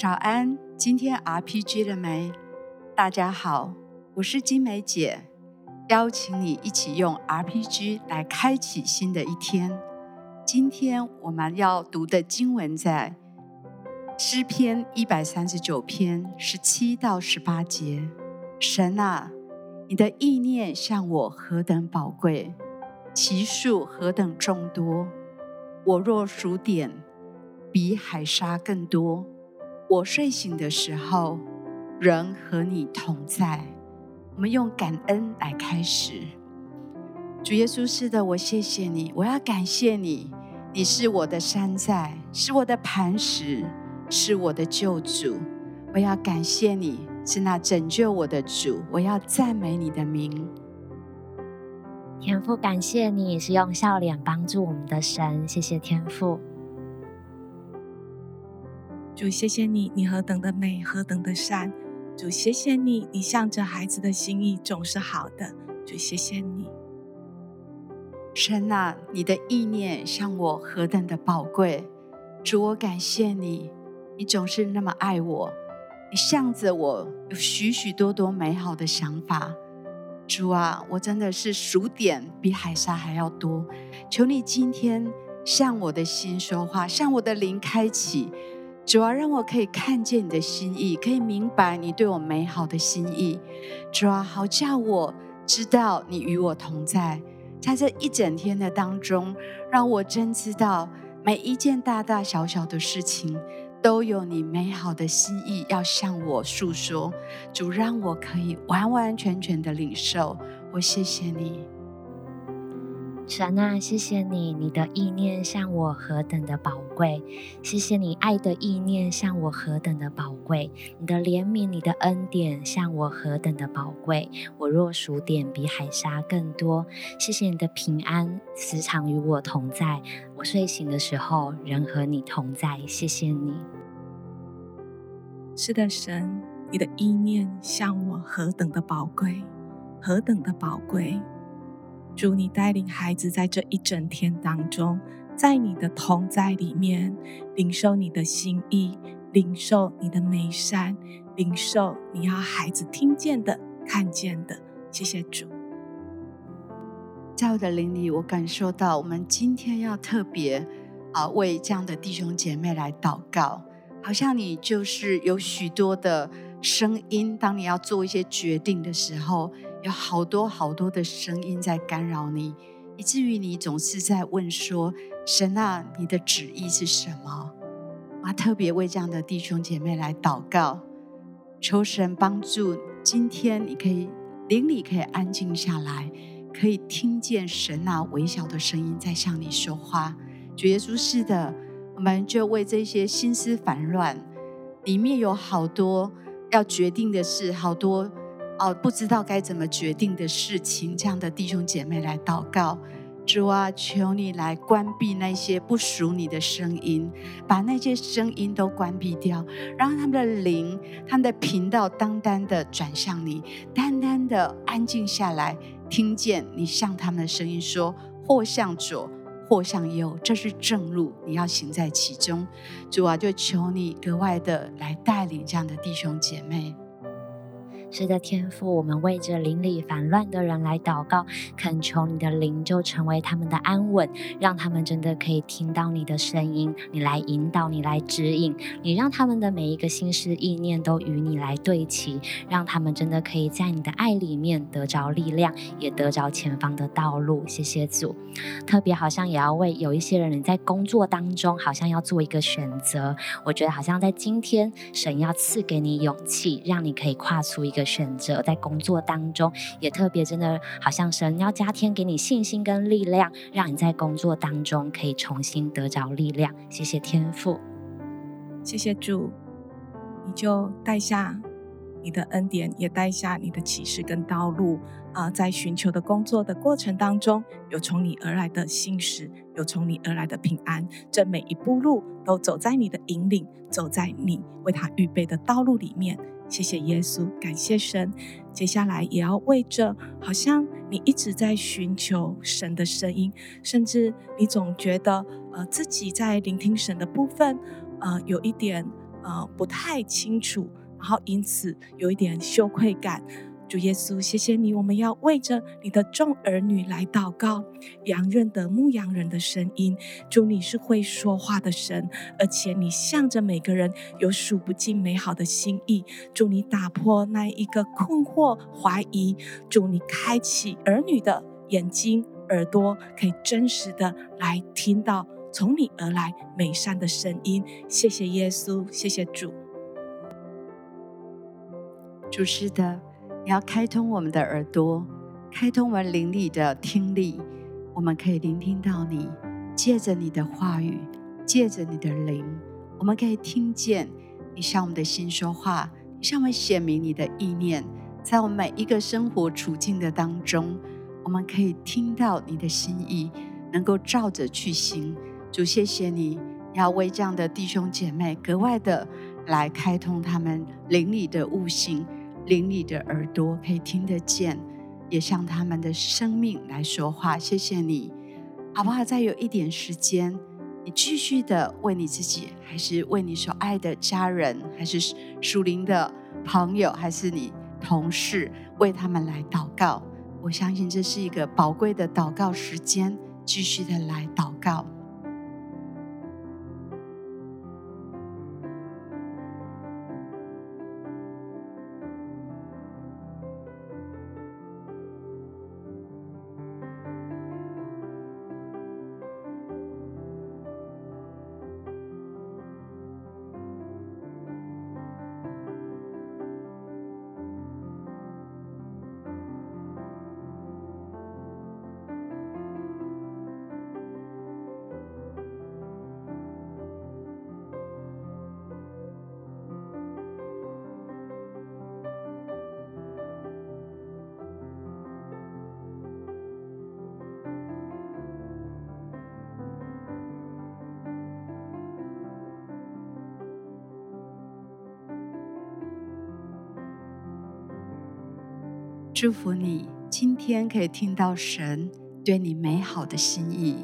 早安，今天 RPG 了沒？大家好，我是晶玫姊，邀請你一起用 RPG 來開啟新的一天。今天我們要讀的經文在詩篇一百三十九篇十七到十八節。神啊，你的意念向我何等寶貴，其數何等眾多，我若數點，比海沙更多。我睡醒的時候，仍和你同在。我們用感恩來開始。主耶穌，是的，我謝謝你，我要感謝你。你是我的山寨，是我的磐石，是我的救主。我要感謝你，是那拯救我的主。我要讚美你的名。天父，感謝你是用笑臉幫助我們的神。謝謝天父。主，謝謝你，你何等的美，何等的善。主，謝謝你，你向着孩子的心意總是好的。主，謝謝你，神啊，你的意念向我何等的寶貴。主，我感謝你，你總是那麼愛我，你向着我有許許多多美好的想法。主啊，我真的是數點比海沙還要多。求你今天向我的心說話，向我的靈開啟。主啊，讓我可以看見你的心意，可以明白你對我美好的心意。主啊，好叫我知道你與我同在，在這一整天的當中，讓我真知道每一件大大小小的事情都有你美好的心意要向我訴說。主，讓我可以完完全全的領受。我謝謝你。神啊，謝謝你，你的意念向我何等的寶貴！謝謝你，愛的意念向我何等的寶貴！你的憐憫，你的恩典向我何等的寶貴！我若數點，比海沙更多。謝謝你的平安，時常與我同在。我睡醒的時候，仍和你同在。謝謝你。是的，神，你的意念向我何等的寶貴，何等的寶貴。主，你帶領孩子在這一整天當中，在你的同在裡面，領受你的心意，領受你的美善，領受你要孩子聽見的、看見的。謝謝主。在我的靈裡，我感受到我們今天要特別啊，為這樣的弟兄姐妹來禱告。好像你就是有許多的聲音，當你要做一些決定的時候。有好多好多的聲音在干擾你，以至於你總是在問說：“神啊，你的旨意是什麼？”我特別為這樣的弟兄姐妹來禱告，求神幫助。今天你可以靈裡可以安靜下來，可以聽見神那、啊、微小的聲音在向你說話。主耶穌，是的，我們就為這些心思煩亂，裡面有好多要決定的事，好多。哦，不知道該怎麼決定的事情，這樣的弟兄姐妹來禱告，主啊，求你來關閉那些不屬你的聲音，把那些聲音都關閉掉，讓他們的靈、他們的頻道單單的轉向你，單單的安靜下來，聽見你向他們的聲音說：或向左，或向右，這是正路，你要行在其中。主啊，就求你格外的來帶領這樣的弟兄姐妹。是的，天父，我們為着鄰里煩亂的人來禱告，懇求你的靈就成為他們的安穩，讓他們真的可以聽到你的聲音，你來引導，你來指引，你讓他們的每一個心思意念都與你來對齊，讓他們真的可以在你的愛裡面得着力量，也得着前方的道路。謝謝主，特別好像也要為有一些人，你在工作當中好像要做一個選擇，我覺得好像在今天，神要賜給你勇氣，讓你可以跨出一個。的選擇在工作當中，也特別真的，好像神要加添給你信心跟力量，讓你在工作當中可以重新得着力量。謝謝天父，謝謝主，你就帶下你的恩典，也帶下你的啟示跟道路啊、呃，在尋求的工作的過程當中，有從你而來的信實，有從你而來的平安，這每一步路都走在你的引領，走在你為他預備的道路裡面。謝謝耶穌，感謝神。接下來也要為着，好像你一直在尋求神的聲音，甚至你總覺得呃自己在聆聽神的部分，呃有一點呃不太清楚，然後因此有一點羞愧感。主耶穌，謝謝你，我們要為着你的眾兒女來禱告，羊認得牧羊人的聲音。主，你是會說話的神，而且你向着每個人有數不盡美好的心意。主，你打破那一個困惑懷疑，主，你開啟兒女的眼睛耳朵，可以真實的來聽到從你而來美善的聲音。謝謝耶穌，謝謝主，主是的。你要開通我們的耳朵，開通我們靈裡的聽力，我們可以聆聽到你，借着你的話語，借着你的靈，我們可以聽見你向我們的心說話，你向我們顯明你的意念，在我們每一個生活處境的當中，我們可以聽到你的心意，能夠照着去行。主，謝謝你，你要為這樣的弟兄姐妹格外的來開通他們靈裡的悟性，靈裡的耳朵可以聽得見，也向他們的生命來說話。謝謝你，好不好？再有一點時間，你繼續的為你自己，還是為你所愛的家人，還是屬靈的朋友，還是你同事，為他們來禱告。我相信這是一個寶貴的禱告時間，繼續的來禱告。祝福你，今天可以聽到神對你美好的心意。